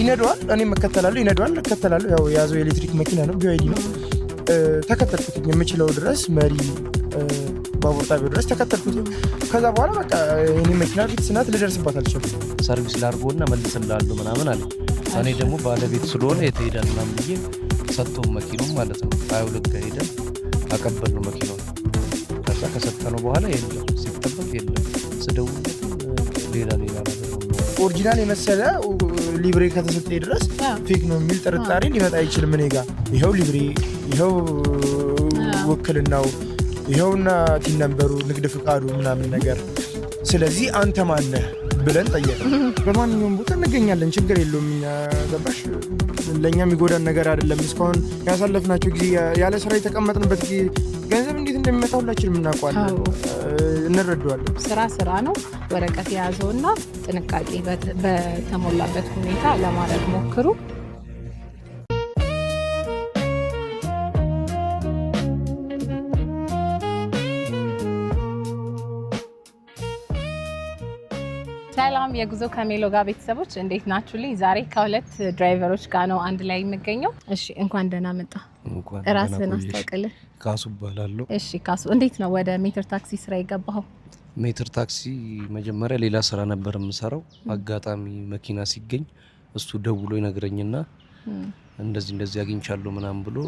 ይነደዋል፣ እኔ እከተላለሁ። ይነደዋል፣ እከተላለሁ። ያው የያዘው የኤሌክትሪክ መኪና ነው፣ ቢዋይዲ ነው። ተከተልኩት የምችለው ድረስ መሪ ባቡር ጣቢያው ድረስ ተከተልኩት። ከዛ በኋላ በቃ እኔ መኪና ፊት ስናት ልደርስባት አልችልም። ሰርቪስ ላርጎና መልስም ላሉ ምናምን አለ። እኔ ደግሞ ባለቤት ስለሆነ የተሄዳል ምናምን ብዬ ሰጥቶም መኪኑ ማለት ነው ሀያ ሁለት ከሄደ አቀበሉ መኪናው። ከዛ ከሰጠነው በኋላ የለም ሲጠበቅ የለም ስደውል ሌላ ሌላ ነገር ኦሪጂናል የመሰለ ሊብሬ ከተሰጠ ድረስ ፌክ ነው የሚል ጥርጣሬ ሊመጣ አይችልም። እኔ ጋ ይኸው ሊብሬ፣ ይኸው ውክልናው፣ ይኸውና ቲነንበሩ፣ ንግድ ፍቃዱ ምናምን ነገር ስለዚህ አንተ ማነህ ብለን ጠየቅ። በማንኛውም ቦታ እንገኛለን፣ ችግር የለውም። ገባሽ ለእኛ የሚጎዳን ነገር አይደለም። እስካሁን ያሳለፍናቸው ጊዜ ያለ ስራ የተቀመጥንበት ጊዜ ገንዘብ እንዴት እንደሚመጣ ሁላችንም እናውቃለን፣ እንረዳዋለን። ስራ ስራ ነው። ወረቀት የያዘውና ጥንቃቄ በተሞላበት ሁኔታ ለማድረግ ሞክሩ። ሰላም የጉዞ ከሜሎ ጋር ቤተሰቦች እንዴት ናችሁልኝ? ዛሬ ከሁለት ድራይቨሮች ጋር ነው አንድ ላይ የሚገኘው። እሺ እንኳን ደህና መጣ። ራስን አስታውቅልን። ካሱ እባላለሁ። እሺ ካሱ፣ እንዴት ነው ወደ ሜትር ታክሲ ስራ የገባኸው? ሜትር ታክሲ መጀመሪያ ሌላ ስራ ነበር የምሰራው። አጋጣሚ መኪና ሲገኝ እሱ ደውሎ ይነግረኝና እንደዚህ እንደዚህ አግኝቻለሁ ምናምን ብሎ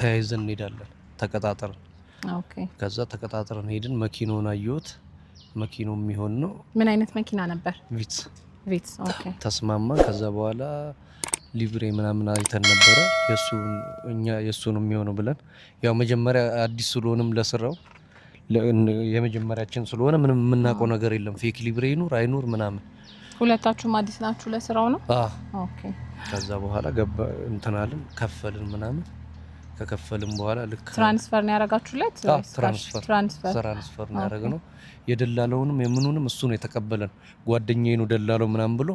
ተያይዘን እንሄዳለን። ተቀጣጠርን። ከዛ ተቀጣጥረን ሄድን። መኪናውን አየሁት መኪናው የሚሆን ነው። ምን አይነት መኪና ነበር? ቪትስ ቪትስ። ኦኬ ተስማማ። ከዛ በኋላ ሊብሬ ምናምን አይተን ነበረ የሱ እኛ የሱ ነው የሚሆነው ብለን ያው መጀመሪያ አዲስ ስለሆንም ለስራው የመጀመሪያችን ስለሆነ ምንም የምናውቀው ነገር የለም። ፌክ ሊብሬ ይኑር አይኑር ምናምን ሁለታችሁም አዲስ ናችሁ ለስራው ነው። ኦኬ ከዛ በኋላ ገባ እንትናልን ከፈልን ምናምን ከከፈልም በኋላ ልክ ትራንስፈር ነው ያደረጋችሁለት? ትራንስፈር ነው ያደረግነው። የደላለውንም የምኑንም እሱ ነው የተቀበለን። ጓደኛዬ ነው ደላለው ምናምን ብሎ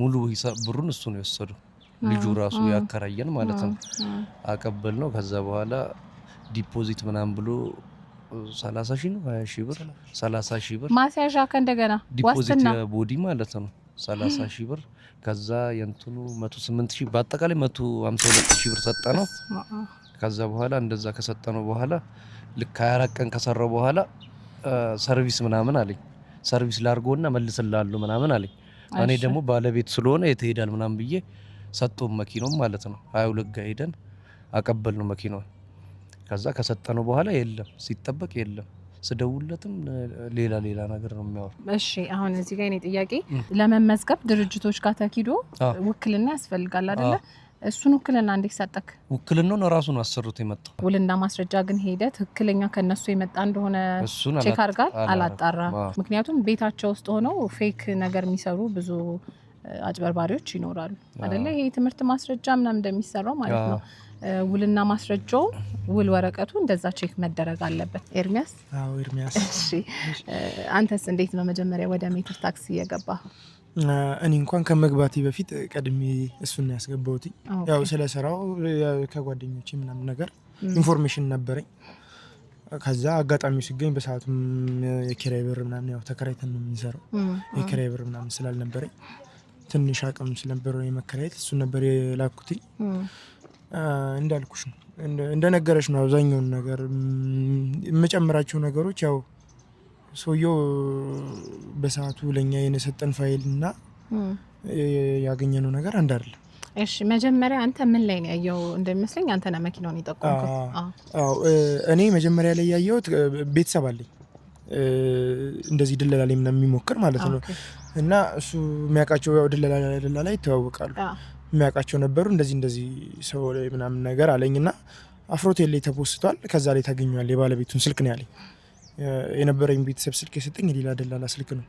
ሙሉ ሂሳብ ብሩን እሱ ነው የወሰደው። ልጁ ራሱ ያከራየን ማለት ነው። አቀበል ነው። ከዛ በኋላ ዲፖዚት ምናምን ብሎ ሰላሳ ሺህ ነው ሀያ ሺህ ብር ሰላሳ ሺህ ብር ማስያዣ ከእንደገና ዲፖዚት ቦዲ ማለት ነው ሰላሳ ሺህ ብር ከዛ የእንትኑ 108 ሺህ በአጠቃላይ 152 ሺህ ብር ሰጠ ነው። ከዛ በኋላ እንደዛ ከሰጠ ነው በኋላ ልክ 24 ቀን ከሰራው በኋላ ሰርቪስ ምናምን አለኝ። ሰርቪስ ላርጎና መልስላሉ ምናምን አለኝ። እኔ ደግሞ ባለቤት ስለሆነ የት ሄዳል ምናምን ብዬ ሰጠውን መኪናውን ማለት ነው። 22 ጋ ሄደን አቀበል ነው መኪናውን። ከዛ ነው በኋላ የለም ሲጠበቅ የለም ስደውለትም ሌላ ሌላ ነገር ነው የሚያወሩ። እሺ አሁን እዚህ ጋር እኔ ጥያቄ ለመመዝገብ ድርጅቶች ጋር ተኪዶ ውክልና ያስፈልጋል አደለ? እሱን ውክልና እንዴት ሰጠክ? ውክልናውን ራሱን አሰሩት የመጣው ውልና ማስረጃ ግን ሄደ ትክክለኛ ከነሱ የመጣ እንደሆነ ቼክ አድርጋል? አላጣራ። ምክንያቱም ቤታቸው ውስጥ ሆነው ፌክ ነገር የሚሰሩ ብዙ አጭበርባሪዎች ይኖራሉ አደለ? ይሄ ትምህርት ማስረጃ ምናምን እንደሚሰራው ማለት ነው ውልና ማስረጃው ውል ወረቀቱ እንደዛ ቼክ መደረግ አለበት። ኤርሚያስ? አዎ ኤርሚያስ። እሺ አንተስ እንዴት ነው መጀመሪያ ወደ ሜትር ታክሲ የገባ እኔ እንኳን ከመግባቴ በፊት ቀድሜ እሱን ያስገባሁት ያው ስለ ስራው ከጓደኞች ምናምን ነገር ኢንፎርሜሽን ነበረኝ። ከዛ አጋጣሚው ሲገኝ በሰዓቱም የኪራይ ብር ምናምን ያው ተከራይተን ነው የምንሰራው። የኪራይ ብር ምናምን ስላልነበረኝ ትንሽ አቅም ስለነበረ የመከራየት እሱ ነበር የላኩትኝ እንዳልኩሽ ነው እንደነገረሽ ነው። አብዛኛውን ነገር የምጨምራቸው ነገሮች ያው ሰውየው በሰዓቱ ለእኛ የነሰጠን ፋይል እና ያገኘነው ነገር አንድ አይደለም። እሺ መጀመሪያ አንተ ምን ላይ ነው ያየው? እንደሚመስለኝ አንተ ነህ መኪናውን የጠቆምከው። እኔ መጀመሪያ ላይ ያየሁት ቤተሰብ አለኝ እንደዚህ ድለላ ላይ ምናምን የሚሞክር ማለት ነው። እና እሱ የሚያውቃቸው ያው ድለላ ላይ ይተዋወቃሉ የሚያውቃቸው ነበሩ። እንደዚህ እንደዚህ ሰው ላይ ምናምን ነገር አለኝ እና አፍሮቴል ላይ ተፖስቷል። ከዛ ላይ ታገኘዋል። የባለቤቱን ስልክ ነው ያለኝ። የነበረኝ ቤተሰብ ስልክ የሰጠኝ የሌላ ደላላ ስልክ ነው።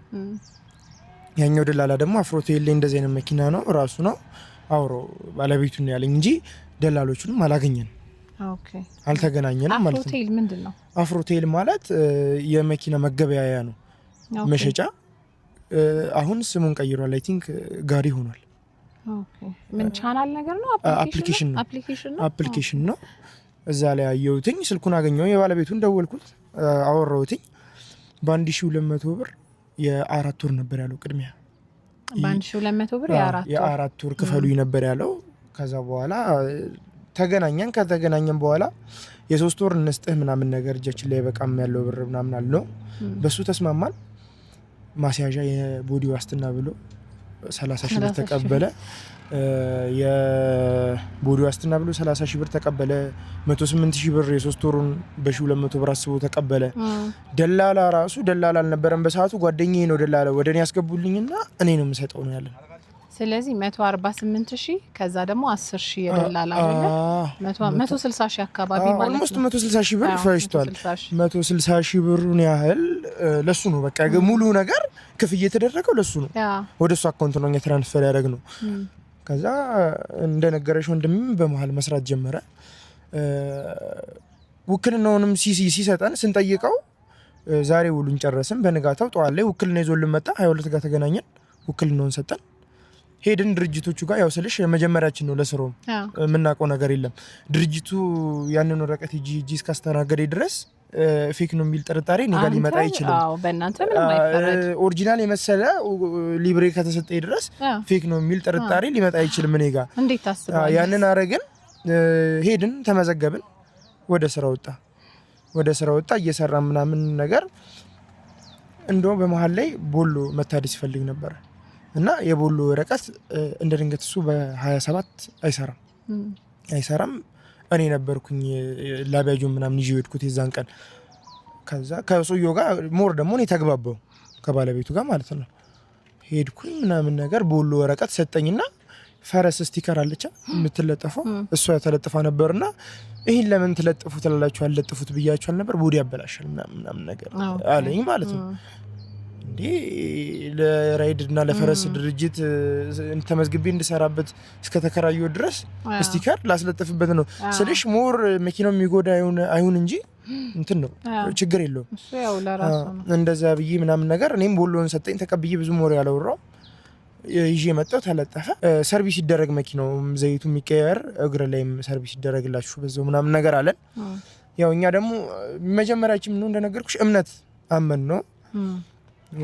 ያኛው ደላላ ደግሞ አፍሮቴል ላይ እንደዚህ አይነት መኪና ነው ራሱ ነው አውሮ ባለቤቱን ያለኝ እንጂ ደላሎቹንም አላገኘንም አልተገናኘንም ማለት ነው። አፍሮቴል ማለት የመኪና መገበያያ ነው፣ መሸጫ። አሁን ስሙን ቀይሯል። አይ ቲንክ ጋሪ ሆኗል። ምን ቻናል ነገር ነው? አፕሊኬሽን ነው። አፕሊኬሽን ነው። እዛ ላይ አየሁትኝ፣ ስልኩን አገኘው፣ የባለቤቱን ደወልኩት፣ አወራሁትኝ። በአንድ ሺ ሁለት መቶ ብር የአራት ወር ነበር ያለው ቅድሚያ። በአንድ ሺ ሁለት መቶ ብር የአራት ወር ክፈሉኝ ነበር ያለው። ከዛ በኋላ ተገናኘን። ከተገናኘን በኋላ የሶስት ወር እንስጥህ ምናምን ነገር እጃችን ላይ በቃም ያለው ብር ምናምን አለው። በሱ ተስማማን። ማስያዣ የቦዲ ዋስትና ብሎ ሰላሳ ሺህ ብር ተቀበለ። የቦዲ ዋስትና ብሎ 30 ሺህ ብር ተቀበለ። 108 ሺህ ብር የሶስት ወሩን በ1200 ብር አስቦ ተቀበለ። ደላላ ራሱ ደላላ አልነበረም በሰዓቱ ጓደኛዬ ነው ደላላ ወደ እኔ ያስገቡልኝና እኔ ነው የምሰጠው ነው ያለን ስለዚህ 148 ሺህ ከዛ ደግሞ 10 ሺህ የደላላ አለ 160 ሺህ አካባቢ ማለት ነው። 160 ሺህ ብር ፈጅቷል። 160 ሺህ ብሩን ያህል ለሱ ነው በቃ ሙሉ ነገር ክፍያ የተደረገው ለሱ ነው። ወደ እሱ አካውንት ነው እኛ ትራንስፈር ያደረግ ነው። ከዛ እንደነገረሽ ወንድምም በመሀል መስራት ጀመረ። ውክልናውንም ሲሰጠን ስንጠይቀው ዛሬ ውሉን ጨረስን። በንጋታው ጠዋት ላይ ውክልና ይዞልን መጣ። 22 ጋር ተገናኘን። ውክልናውን ሰጠን። ሄድን ድርጅቶቹ ጋር ያው ስልሽ መጀመሪያችን ነው ለስሮ የምናውቀው ነገር የለም። ድርጅቱ ያንን ወረቀት ጂ ጂ እስካስተናገደ ድረስ ፌክ ነው የሚል ጥርጣሬ እኔ ጋር ሊመጣ አይችልም። ኦሪጂናል የመሰለ ሊብሬ ከተሰጠ ድረስ ፌክ ነው የሚል ጥርጣሬ ሊመጣ አይችልም እኔ ጋር። ያንን አረግን፣ ሄድን፣ ተመዘገብን፣ ወደ ስራ ወጣ ወደ ስራ ወጣ እየሰራ ምናምን ነገር እንደው በመሀል ላይ ቦሎ መታደስ ይፈልግ ነበር እና የቦሎ ርቀት እንደ ድንገት እሱ በ27 አይሰራም አይሰራም። እኔ ነበርኩኝ ላቢያጆ ምናምን ይዤ የሄድኩት የዛን ቀን። ከዛ ከሶዮ ጋር ሞር ደግሞ እኔ ተግባባው ከባለቤቱ ጋር ማለት ነው። ሄድኩኝ ምናምን ነገር ቦሎ ወረቀት ሰጠኝና ፈረስ ስቲከር አለቻ የምትለጠፈው እሷ ተለጥፋ ነበርና ይህን ለምን ትለጥፉ ላላችሁ አልለጥፉት ብያችሁ ነበር ቦዲ ያበላሻል ምናምን ነገር አለኝ ማለት ነው። ለራይድ እና ለፈረስ ድርጅት ተመዝግቤ እንድሰራበት እስከተከራዩ ድረስ ስቲከር ላስለጥፍበት ነው ስልሽ፣ ሞር መኪናው የሚጎዳ አይሁን እንጂ እንትን ነው ችግር የለውም። እንደዛ ብዬ ምናምን ነገር እኔም ቦሎን ሰጠኝ ተቀብዬ ብዙ ሞር ያላወራው ይዤ መጣሁ። ተለጠፈ። ሰርቪስ ሲደረግ መኪናውም ዘይቱ የሚቀየር እግር ላይም ሰርቪስ ይደረግላችሁ በዛው ምናምን ነገር አለን። ያው እኛ ደግሞ መጀመሪያችን ነው እንደነገርኩሽ እምነት አመን ነው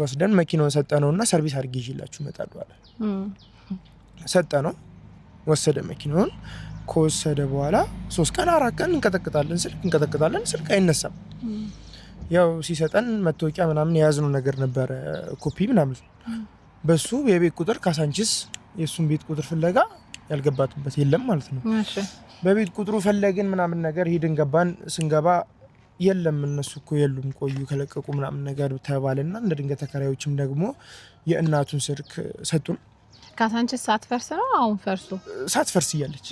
ወስደን መኪናውን ሰጠነው እና ሰርቪስ አድርጌ ይዤላችሁ እመጣለሁ አለ። ሰጠነው፣ ወሰደ መኪናውን። ከወሰደ በኋላ ሶስት ቀን አራት ቀን እንቀጠቅጣለን ስልክ እንቀጠቅጣለን ስልክ አይነሳም። ያው ሲሰጠን መታወቂያ ምናምን የያዝነው ነገር ነበረ ኮፒ ምናምን በሱ የቤት ቁጥር ካሳንችስ የእሱን ቤት ቁጥር ፍለጋ ያልገባትበት የለም ማለት ነው። በቤት ቁጥሩ ፈለግን ምናምን ነገር ሄድን ገባን ስንገባ የለም እነሱ እኮ የሉም ቆዩ ከለቀቁ ምናምን ነገር ተባለና እንደ ድንገት ተከራዮችም ደግሞ የእናቱን ስልክ ሰጡን። ካሳንችስ ሳትፈርስ ነው አሁን ፈርሶ ሳትፈርስ እያለች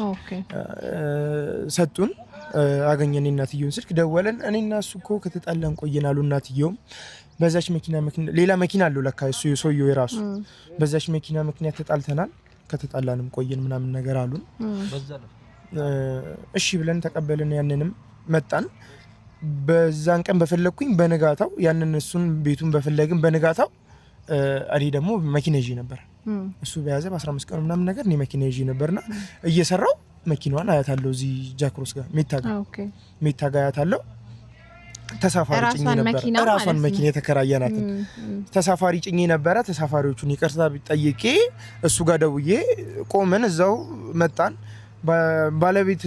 ሰጡን። አገኘን እናትየውን ስልክ ደወለን። እኔ እና እሱ እኮ ከተጣላን ቆየናሉ። እናትየውም በዛች መኪና ሌላ መኪና አለው ለካ ሰውየው የራሱ በዛች መኪና ምክንያት ተጣልተናል፣ ከተጣላንም ቆየን ምናምን ነገር አሉን። እሺ ብለን ተቀበልን። ያንንም መጣን በዛን ቀን በፈለግኩኝ በንጋታው ያንን እሱን ቤቱን በፈለግን በንጋታው እኔ ደግሞ መኪና ይዤ ነበር። እሱ በያዘ በ15 ቀኑ ምናምን ነገር እኔ መኪና ይዤ ነበር ነበርና እየሰራው መኪናዋን አያታለሁ። እዚህ ጃክሮስ ጋር ሜታ ጋር ሜታ ጋር አያታለሁ። ተሳፋሪ ጭኜ ነበረ። ራሷን መኪና የተከራየናትን ተሳፋሪ ጭኜ ነበረ። ተሳፋሪዎቹን ይቅርታ ጠይቄ እሱ ጋር ደውዬ ቆመን እዛው መጣን። ባለቤት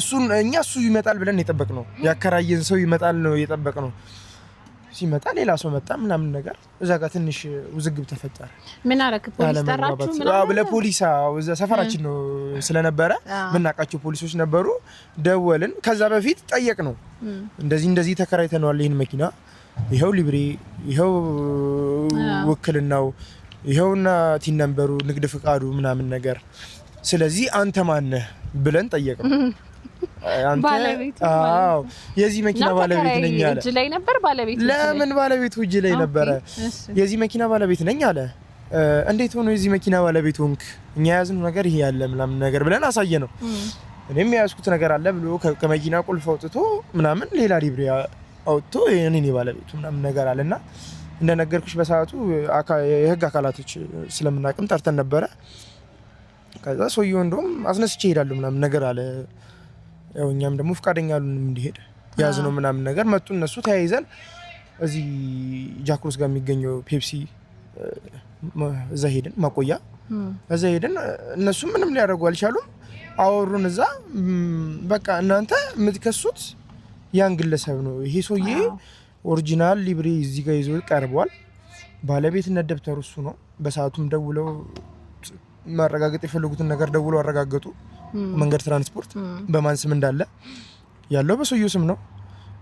እሱን እኛ እሱ ይመጣል ብለን የጠበቅ ነው ያከራየን ሰው ይመጣል ነው የጠበቅ ነው። ሲመጣ ሌላ ሰው መጣ ምናምን ነገር እዛ ጋር ትንሽ ውዝግብ ተፈጠረ። ምን አረክ? ፖሊስ ጠራችሁ? ለፖሊስ እዛ ሰፈራችን ነው ስለነበረ የምናውቃቸው ፖሊሶች ነበሩ። ደወልን። ከዛ በፊት ጠየቅ ነው እንደዚህ እንደዚህ ተከራይተነዋል፣ ይህን መኪና ይኸው ሊብሬ፣ ይኸው ውክልናው፣ ይኸውና ቲን ነንበሩ፣ ንግድ ፍቃዱ ምናምን ነገር ስለዚህ አንተ ማነህ ብለን ጠየቅም። አዎ የዚህ መኪና ባለቤት ነኝ አለ። እጅ ላይ ነበር ባለቤት። ለምን ባለቤቱ እጅ ላይ ነበረ። የዚህ መኪና ባለቤት ነኝ አለ። እንዴት ሆኖ የዚህ መኪና ባለቤት ሆንክ? እኛ የያዝነው ነገር ይሄ ያለ ምናምን ነገር ብለን አሳየ ነው። እኔም የያዝኩት ነገር አለ ብሎ ከመኪና ቁልፍ አውጥቶ ምናምን ሌላ ሊብሬ አውጥቶ እኔ ባለቤቱ ምናምን ነገር አለ እና እንደነገርኩሽ በሰዓቱ የህግ አካላቶች ስለምናቅም ጠርተን ነበረ ከዛ ሰውየው እንደውም አስነስቼ እሄዳለሁ ምናምን ነገር አለ። ያው እኛም ደግሞ ፈቃደኛ አሉንም እንዲሄድ ያዝ ነው ምናምን ነገር መጡ እነሱ ተያይዘን እዚህ ጃክሮስ ጋር የሚገኘው ፔፕሲ እዛ ሄድን፣ ማቆያ እዛ ሄድን። እነሱ ምንም ሊያደርጉ አልቻሉም። አወሩን እዛ በቃ እናንተ የምትከሱት ያን ግለሰብ ነው። ይሄ ሰውዬ ኦሪጂናል ሊብሬ እዚህ ጋር ይዞ ቀርቧል። ባለቤትነት ደብተሩ እሱ ነው። በሰዓቱም ደውለው ማረጋገጥ የፈለጉትን ነገር ደውሎ አረጋገጡ። መንገድ ትራንስፖርት በማን ስም እንዳለ ያለው በሰውየው ስም ነው።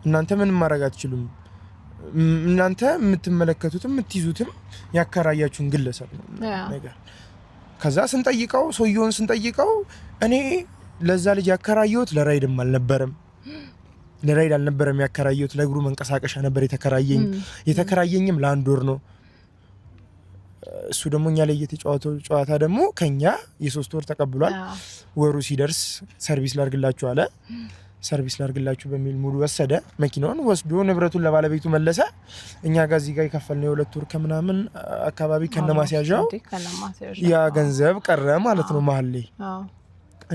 እናንተ ምንም ማድረግ አትችሉም። እናንተ የምትመለከቱትም የምትይዙትም ያከራያችሁን ግለሰብ ነው ነገር ከዛ ስንጠይቀው ሰውየውን ስንጠይቀው እኔ ለዛ ልጅ ያከራየሁት ለራይድም አልነበረም ለራይድ አልነበረም ያከራየሁት ለእግሩ መንቀሳቀሻ ነበር የተከራየኝ የተከራየኝም ለአንድ ወር ነው እሱ ደግሞ እኛ ላይ እየተጫወተው ጨዋታ ደግሞ ከኛ የሶስት ወር ተቀብሏል። ወሩ ሲደርስ ሰርቪስ ላርግላችሁ አለ። ሰርቪስ ላርግላችሁ በሚል ሙሉ ወሰደ። መኪናውን ወስዶ ንብረቱን ለባለቤቱ መለሰ። እኛ ጋር እዚህ ጋር የከፈልነው የሁለት ወር ከምናምን አካባቢ ከነማስያዣው ያ ገንዘብ ቀረ ማለት ነው። መሀል ላይ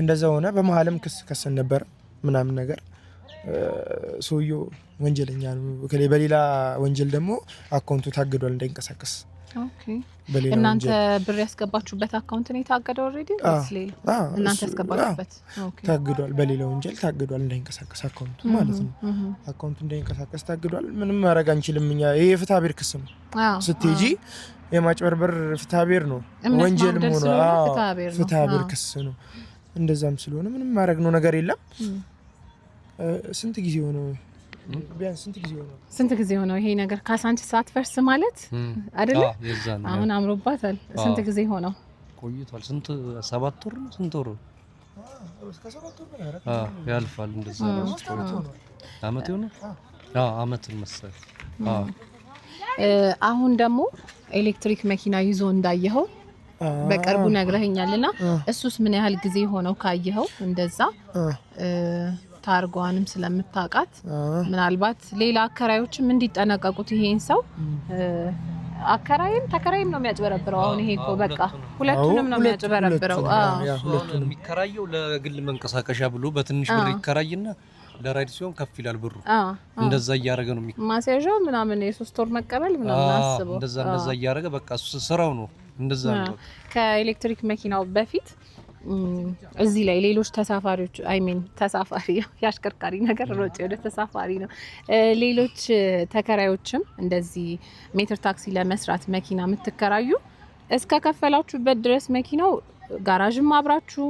እንደዛ ሆነ። በመሀልም ክስ ከሰን ነበር ምናምን ነገር ሰውየው ወንጀለኛ ነው። በሌላ ወንጀል ደግሞ አካውንቱ ታግዷል እንዳይንቀሳቀስ እናንተ ብር ያስገባችሁበት አካውንት ነው የታገደ። ኦልሬዲ እናንተ ያስገባችሁበት ታግዷል፣ በሌላ ወንጀል ታግዷል። እንዳይንቀሳቀስ አካውንቱ ማለት ነው። አካውንቱ እንዳይንቀሳቀስ ታግዷል። ምንም ማድረግ አንችልም እኛ። ይሄ የፍትሐ ብሔር ክስ ነው። ስትሄጂ የማጭበርበር ፍትሐ ብሔር ነው፣ ወንጀል ሆነ ፍትሐ ብሔር ክስ ነው። እንደዛም ስለሆነ ምንም ማድረግ ነው ነገር የለም። ስንት ጊዜ ሆነ ስንት ጊዜ ሆነው ይሄ ነገር ካሳንቺስ ሳትፈርስ ማለት አይደለ? አሁን አምሮባታል። ስንት ጊዜ ሆነው ቆይቷል? ስንት ሰባት ወር ነው ስንት ወር ያልፋል። እንደዛ አመት ሆነ አመት መሰል። አሁን ደግሞ ኤሌክትሪክ መኪና ይዞ እንዳየኸው በቅርቡ ነግረህኛልና እሱስ ምን ያህል ጊዜ ሆነው ካየኸው እንደዛ ታርጓንም ስለምታውቃት ምናልባት ሌላ አከራዮችም እንዲጠነቀቁት ይሄን ሰው አከራይም ተከራይም ነው የሚያጭበረብረው። አሁን ይሄ እኮ በቃ ሁለቱንም ነው የሚያጭበረብረው። የሚከራየው ለግል መንቀሳቀሻ ብሎ በትንሽ ብር ይከራይና ለራይድ ሲሆን ከፍ ይላል ብሩ። እንደዛ እያደረገ ነው ማስያዣው ምናምን የሶስት ወር መቀበል ምናምን አስበው እንደዛ እንደዛ እያደረገ በቃ ስራው ነው እንደዛ ነው። ከኤሌክትሪክ መኪናው በፊት እዚህ ላይ ሌሎች ተሳፋሪዎች አይሜን ተሳፋሪ የአሽከርካሪ ነገር ሮጬ ወደ ተሳፋሪ ነው። ሌሎች ተከራዮችም እንደዚህ ሜትር ታክሲ ለመስራት መኪና የምትከራዩ እስከ ከፈላችሁበት ድረስ መኪናው ጋራዥም አብራችሁ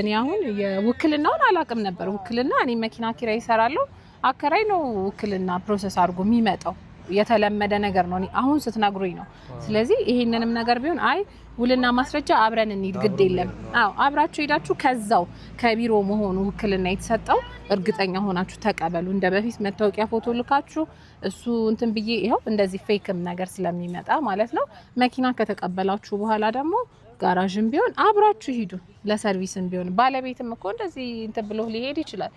እኔ አሁን የውክልናውን አላቅም ነበር። ውክልና እኔ መኪና ኪራይ ይሰራለሁ፣ አከራይ ነው ውክልና ፕሮሰስ አድርጎ የሚመጣው የተለመደ ነገር ነው። አሁን ስትነግሩኝ ነው። ስለዚህ ይሄንንም ነገር ቢሆን አይ ውልና ማስረጃ አብረን እንሂድ፣ ግድ የለም አዎ፣ አብራችሁ ሄዳችሁ ከዛው ከቢሮ መሆኑ ውክልና የተሰጠው እርግጠኛ ሆናችሁ ተቀበሉ። እንደ በፊት መታወቂያ ፎቶ ልካችሁ እሱ እንትን ብዬ ይኸው እንደዚህ ፌክም ነገር ስለሚመጣ ማለት ነው። መኪና ከተቀበላችሁ በኋላ ደግሞ ጋራዥም ቢሆን አብራችሁ ሂዱ፣ ለሰርቪስም ቢሆን ባለቤትም እኮ እንደዚህ እንትን ብሎ ሊሄድ ይችላል።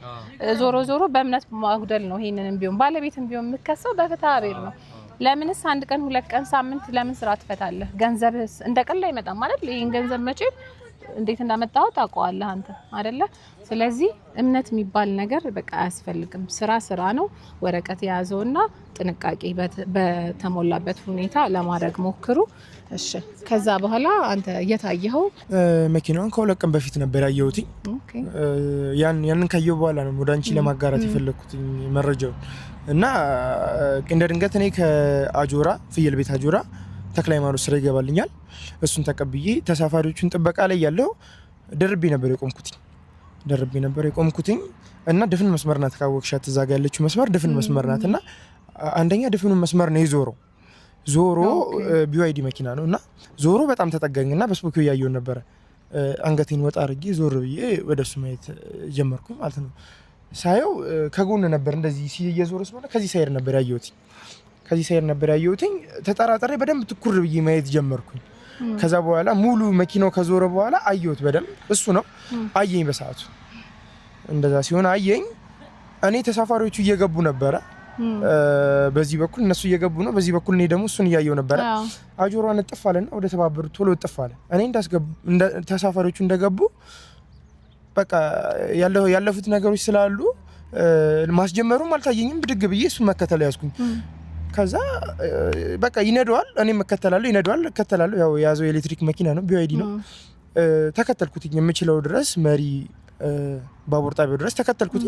ዞሮ ዞሮ በእምነት ማጉደል ነው። ይሄንንም ቢሆን ባለቤትም ቢሆን የምከሰው በፍትሐ ብሔር ነው። ለምንስ አንድ ቀን ሁለት ቀን ሳምንት ለምን ስራ ትፈታለህ? ገንዘብስ እንደ ቀላ ይመጣ ማለት ይህን ገንዘብ መቼ እንዴት እንዳመጣው ታውቀዋለህ አንተ አይደለ? ስለዚህ እምነት የሚባል ነገር በቃ አያስፈልግም። ስራ ስራ ነው። ወረቀት የያዘውና ጥንቃቄ በተሞላበት ሁኔታ ለማድረግ ሞክሩ። እሺ። ከዛ በኋላ አንተ የታየኸው መኪናዋን ከሁለት ቀን በፊት ነበር ያየሁትኝ። ያንን ካየሁ በኋላ ነው ወደ አንቺ ለማጋራት የፈለግኩትኝ መረጃውን እና እንደ ድንገት እኔ ከአጆራ ፍየል ቤት አጆራ ተክለ ሃይማኖት ስራ ይገባልኛል። እሱን ተቀብዬ ተሳፋሪዎቹን ጥበቃ ላይ ያለው ደርቤ ነበር የቆምኩትኝ ደርቤ ነበር የቆምኩትኝ እና ድፍን መስመር ናት ካወቅሻት፣ እዛ ጋ ያለችው መስመር ድፍን መስመር ናት እና አንደኛ ድፍኑ መስመር ነው የዞረው ዞሮ ቢዋይዲ መኪና ነው እና ዞሮ በጣም ተጠጋኝ ና በስፖኪ እያየውን ነበረ። አንገቴን ወጣ አድርጌ ዞር ብዬ ወደሱ ማየት ጀመርኩ ማለት ነው። ሳየው ከጎን ነበር እንደዚህ እየዞረ ስለሆነ ከዚህ ሳይድ ነበር ያየሁት። ከዚህ ሳይድ ነበር ያየሁትኝ። ተጠራጠሬ በደንብ ትኩር ብዬ ማየት ጀመርኩኝ። ከዛ በኋላ ሙሉ መኪናው ከዞረ በኋላ አየሁት በደንብ እሱ ነው አየኝ። በሰዓቱ እንደዛ ሲሆን አየኝ። እኔ ተሳፋሪዎቹ እየገቡ ነበረ በዚህ በኩል እነሱ እየገቡ ነው። በዚህ በኩል እኔ ደግሞ እሱን እያየው ነበረ። አጆሯን እጥፍ አለና ወደ ተባበሩ ቶሎ እጥፍ አለ። እኔ ተሳፋሪዎቹ እንደገቡ በቃ ያለፉት ነገሮች ስላሉ ማስጀመሩም አልታየኝም። ብድግ ብዬ እሱን መከተል ያዝኩኝ። ከዛ በቃ ይነደዋል፣ እኔም እከተላለሁ። ይነደዋል፣ እከተላለሁ። ያው የያዘው የኤሌክትሪክ መኪና ነው፣ ቢዋይዲ ነው። ተከተልኩት የምችለው ድረስ መሪ ባቡር ጣቢያው ድረስ ተከተልኩት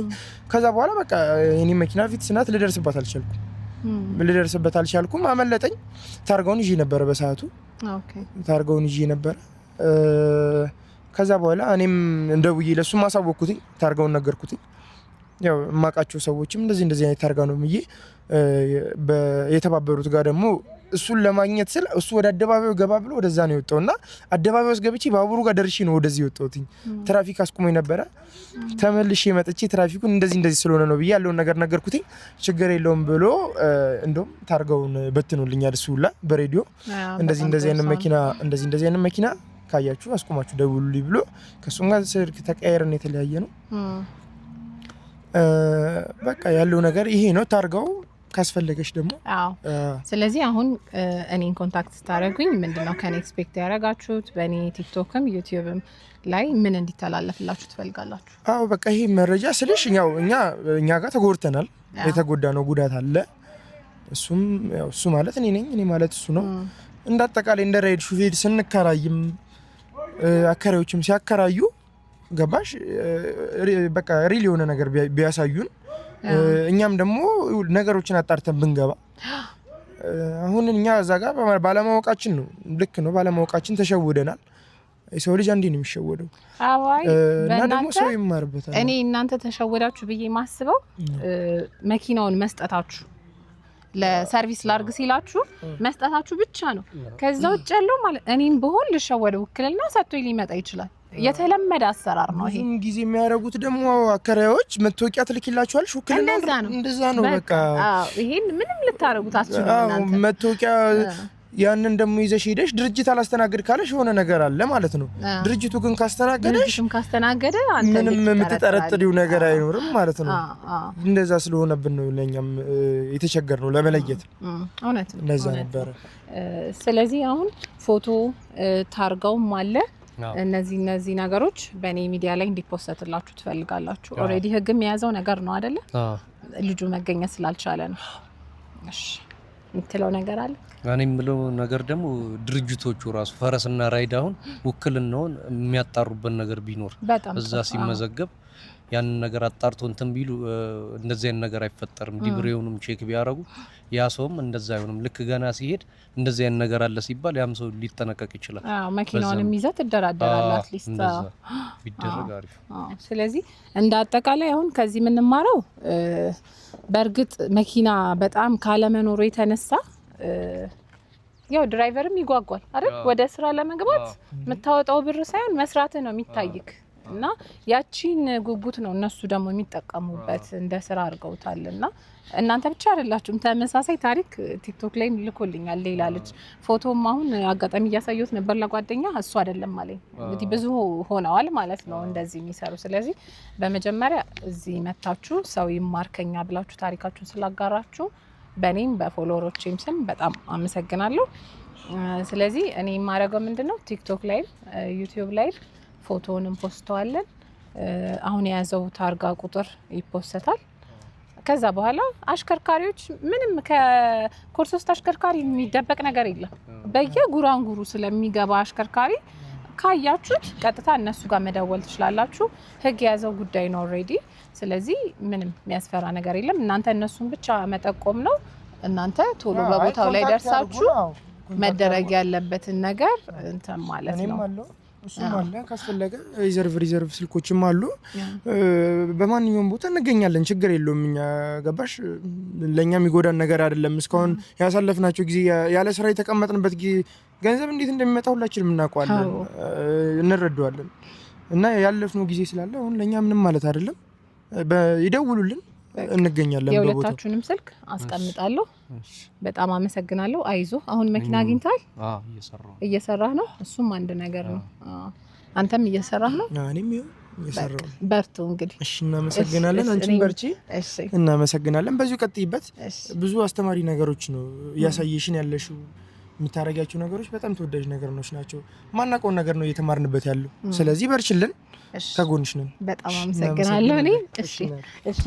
ከዛ በኋላ በቃ የኔ መኪና ፊት ስናት ልደርስባት አልቻልኩም፣ ልደርስበት አልቻልኩም፣ አመለጠኝ። ታርጋውን ይዤ ነበረ በሰዓቱ ታርጋውን ይዤ ነበረ። ከዛ በኋላ እኔም እንደውዬ ለሱ ማሳወቅኩትኝ፣ ታርጋውን ነገርኩትኝ። ያው የማውቃቸው ሰዎችም እንደዚህ እንደዚህ አይነት ታርጋ ነው ብዬ የተባበሩት ጋር ደግሞ እሱን ለማግኘት ስል እሱ ወደ አደባባዩ ገባ ብሎ ወደዛ ነው የወጣው እና አደባባይ ውስጥ ገብቼ ባቡሩ ጋር ደርሼ ነው ወደዚህ የወጣሁትኝ። ትራፊክ አስቁሞኝ ነበረ። ተመልሼ መጥቼ ትራፊኩን እንደዚህ እንደዚህ ስለሆነ ነው ብዬ ያለውን ነገር ነገርኩትኝ። ችግር የለውም ብሎ እንደውም ታርጋውን በትኖልኛል። እሱ ሁላ በሬዲዮ እንደዚህ እንደዚህ አይነት መኪና እንደዚህ እንደዚህ አይነት መኪና ካያችሁ አስቁማችሁ ደውሉልኝ ብሎ ከእሱም ጋር ስልክ ተቀያየርን። የተለያየ ነው በቃ ያለው ነገር ይሄ ነው። ታርጋው ካስፈለገች ደግሞ ስለዚህ አሁን እኔን ኮንታክት ስታደረጉኝ ምንድነው ከኔ ኤክስፔክት ያደረጋችሁት? በእኔ ቲክቶክም ዩቲዩብም ላይ ምን እንዲተላለፍላችሁ ትፈልጋላችሁ? አዎ በቃ ይሄ መረጃ ስልሽ ያው እኛ እኛ ጋር ተጎድተናል። የተጎዳ ነው ጉዳት አለ። እሱም ያው እሱ ማለት እኔ ነኝ፣ እኔ ማለት እሱ ነው። እንዳጠቃላይ እንደ ራይድ ሹፌድ ስንከራይም አከራዮችም ሲያከራዩ ገባሽ? በቃ ሪል የሆነ ነገር ቢያሳዩን እኛም ደግሞ ነገሮችን አጣርተን ብንገባ አሁን እኛ እዛ ጋር ባለማወቃችን ነው። ልክ ነው፣ ባለማወቃችን ተሸውደናል። የሰው ልጅ አንዴ ነው የሚሸወደው እና ደግሞ ሰው ይማርበታል። እኔ እናንተ ተሸወዳችሁ ብዬ ማስበው መኪናውን መስጠታችሁ ለሰርቪስ ላርግ ሲላችሁ መስጠታችሁ ብቻ ነው። ከዛ ውጭ ያለው ማለት እኔም በሆን ልሸወደው ውክልና ሰጥቶ ሊመጣ ይችላል የተለመደ አሰራር ነው። ይሄን ጊዜ የሚያደርጉት ደግሞ አከራዮች መታወቂያ ትልኪላችኋለች፣ ውክልና እንደዛ ነው። በቃ ይሄን ምንም ልታደርጉት አትችሉ እናንተ መታወቂያ ያንን ደግሞ ይዘሽ ሄደሽ ድርጅት አላስተናገድ ካለሽ የሆነ ነገር አለ ማለት ነው። ድርጅቱ ግን ካስተናገደሽ ካስተናገደ ምንም የምትጠረጥሪው ነገር አይኖርም ማለት ነው። እንደዛ ስለሆነብን ነው ለእኛም የተቸገር ነው ለመለየት እውነት ነው። እንደዛ ነበረ። ስለዚህ አሁን ፎቶ ታርጋውም አለ እነዚህ እነዚህ ነገሮች በእኔ ሚዲያ ላይ እንዲፖሰትላችሁ ትፈልጋላችሁ። ኦልሬዲ ህግም የያዘው ነገር ነው አደለ? ልጁ መገኘት ስላልቻለ ነው። የምትለው ነገር አለ? እኔ የምለው ነገር ደግሞ ድርጅቶቹ ራሱ ፈረስና ራይድ አሁን ውክልናውን የሚያጣሩበት ነገር ቢኖር እዛ ሲመዘገብ ያንን ነገር አጣርቶ እንትን ቢሉ እንደዚህ አይነት ነገር አይፈጠርም። ዲብሬውንም ቼክ ቢያደርጉ ያ ሰውም እንደዛ አይሆንም። ልክ ገና ሲሄድ እንደዚህ አይነት ነገር አለ ሲባል ያም ሰው ሊጠነቀቅ ይችላል። መኪናውንም ይዘህ ትደራደራለህ። አትሊስት ቢደረግ አሪፍ። ስለዚህ እንደ አጠቃላይ አሁን ከዚህ የምንማረው በእርግጥ መኪና በጣም ካለመኖሩ የተነሳ ያው ድራይቨርም ይጓጓል አይደል? ወደ ስራ ለመግባት የምታወጣው ብር ሳይሆን መስራት ነው የሚታይክ እና ያቺን ጉጉት ነው እነሱ ደግሞ የሚጠቀሙበት እንደ ስራ አድርገውታል። እና እናንተ ብቻ አይደላችሁም፣ ተመሳሳይ ታሪክ ቲክቶክ ላይ ልኮልኛል ሌላ ልጅ። ፎቶም አሁን አጋጣሚ እያሳየሁት ነበር ለጓደኛ፣ እሱ አይደለም አለኝ። እንግዲህ ብዙ ሆነዋል ማለት ነው እንደዚህ የሚሰሩ። ስለዚህ በመጀመሪያ እዚህ መታችሁ ሰው ይማርከኛ ብላችሁ ታሪካችሁን ስላጋራችሁ በእኔም በፎሎወሮችም ስም በጣም አመሰግናለሁ። ስለዚህ እኔ የማደርገው ምንድን ነው ቲክቶክ ላይም ዩቲዩብ ላይም ፎቶውንም እንፖስተዋለን። አሁን የያዘው ታርጋ ቁጥር ይፖሰታል። ከዛ በኋላ አሽከርካሪዎች ምንም ከኮርስ ውስጥ አሽከርካሪ የሚደበቅ ነገር የለም። በየጉራንጉሩ ስለሚገባ አሽከርካሪ ካያችሁት ቀጥታ እነሱ ጋር መደወል ትችላላችሁ። ህግ የያዘው ጉዳይ ነው ኦልሬዲ። ስለዚህ ምንም የሚያስፈራ ነገር የለም። እናንተ እነሱን ብቻ መጠቆም ነው። እናንተ ቶሎ በቦታው ላይ ደርሳችሁ መደረግ ያለበትን ነገር እንትን ማለት ነው። እሱም አለ። ካስፈለገ ሪዘርቭ ሪዘርቭ ስልኮችም አሉ። በማንኛውም ቦታ እንገኛለን። ችግር የለውም። እኛ ገባሽ፣ ለእኛ የሚጎዳን ነገር አይደለም። እስካሁን ያሳለፍናቸው ጊዜ ያለ ስራ የተቀመጥንበት ጊዜ ገንዘብ እንዴት እንደሚመጣ ሁላችንም እናውቀዋለን፣ እንረዳዋለን። እና ያለፍነው ጊዜ ስላለ አሁን ለእኛ ምንም ማለት አይደለም። ይደውሉልን እንገኛለን። የሁለታችሁንም ስልክ አስቀምጣለሁ። በጣም አመሰግናለሁ። አይዞ። አሁን መኪና አግኝተሃል? እየሰራህ ነው። እሱም አንድ ነገር ነው። አንተም እየሰራህ ነው። እኔም በርቱ እንግዲህ። እሺ፣ እናመሰግናለን። አንቺም በርቺ። እናመሰግናለን። በዚሁ ቀጥይበት። ብዙ አስተማሪ ነገሮች ነው እያሳየሽን ያለሽው የምታደርጊያቸው ነገሮች በጣም ተወዳጅ ነገሮች ናቸው። ማናውቀውን ነገር ነው እየተማርንበት ያለው። ስለዚህ በርችልን፣ ከጎንሽ ነን። በጣም አመሰግናለሁ። እኔ እሺ፣ እሺ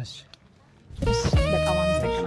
Taş. Taş. Taş.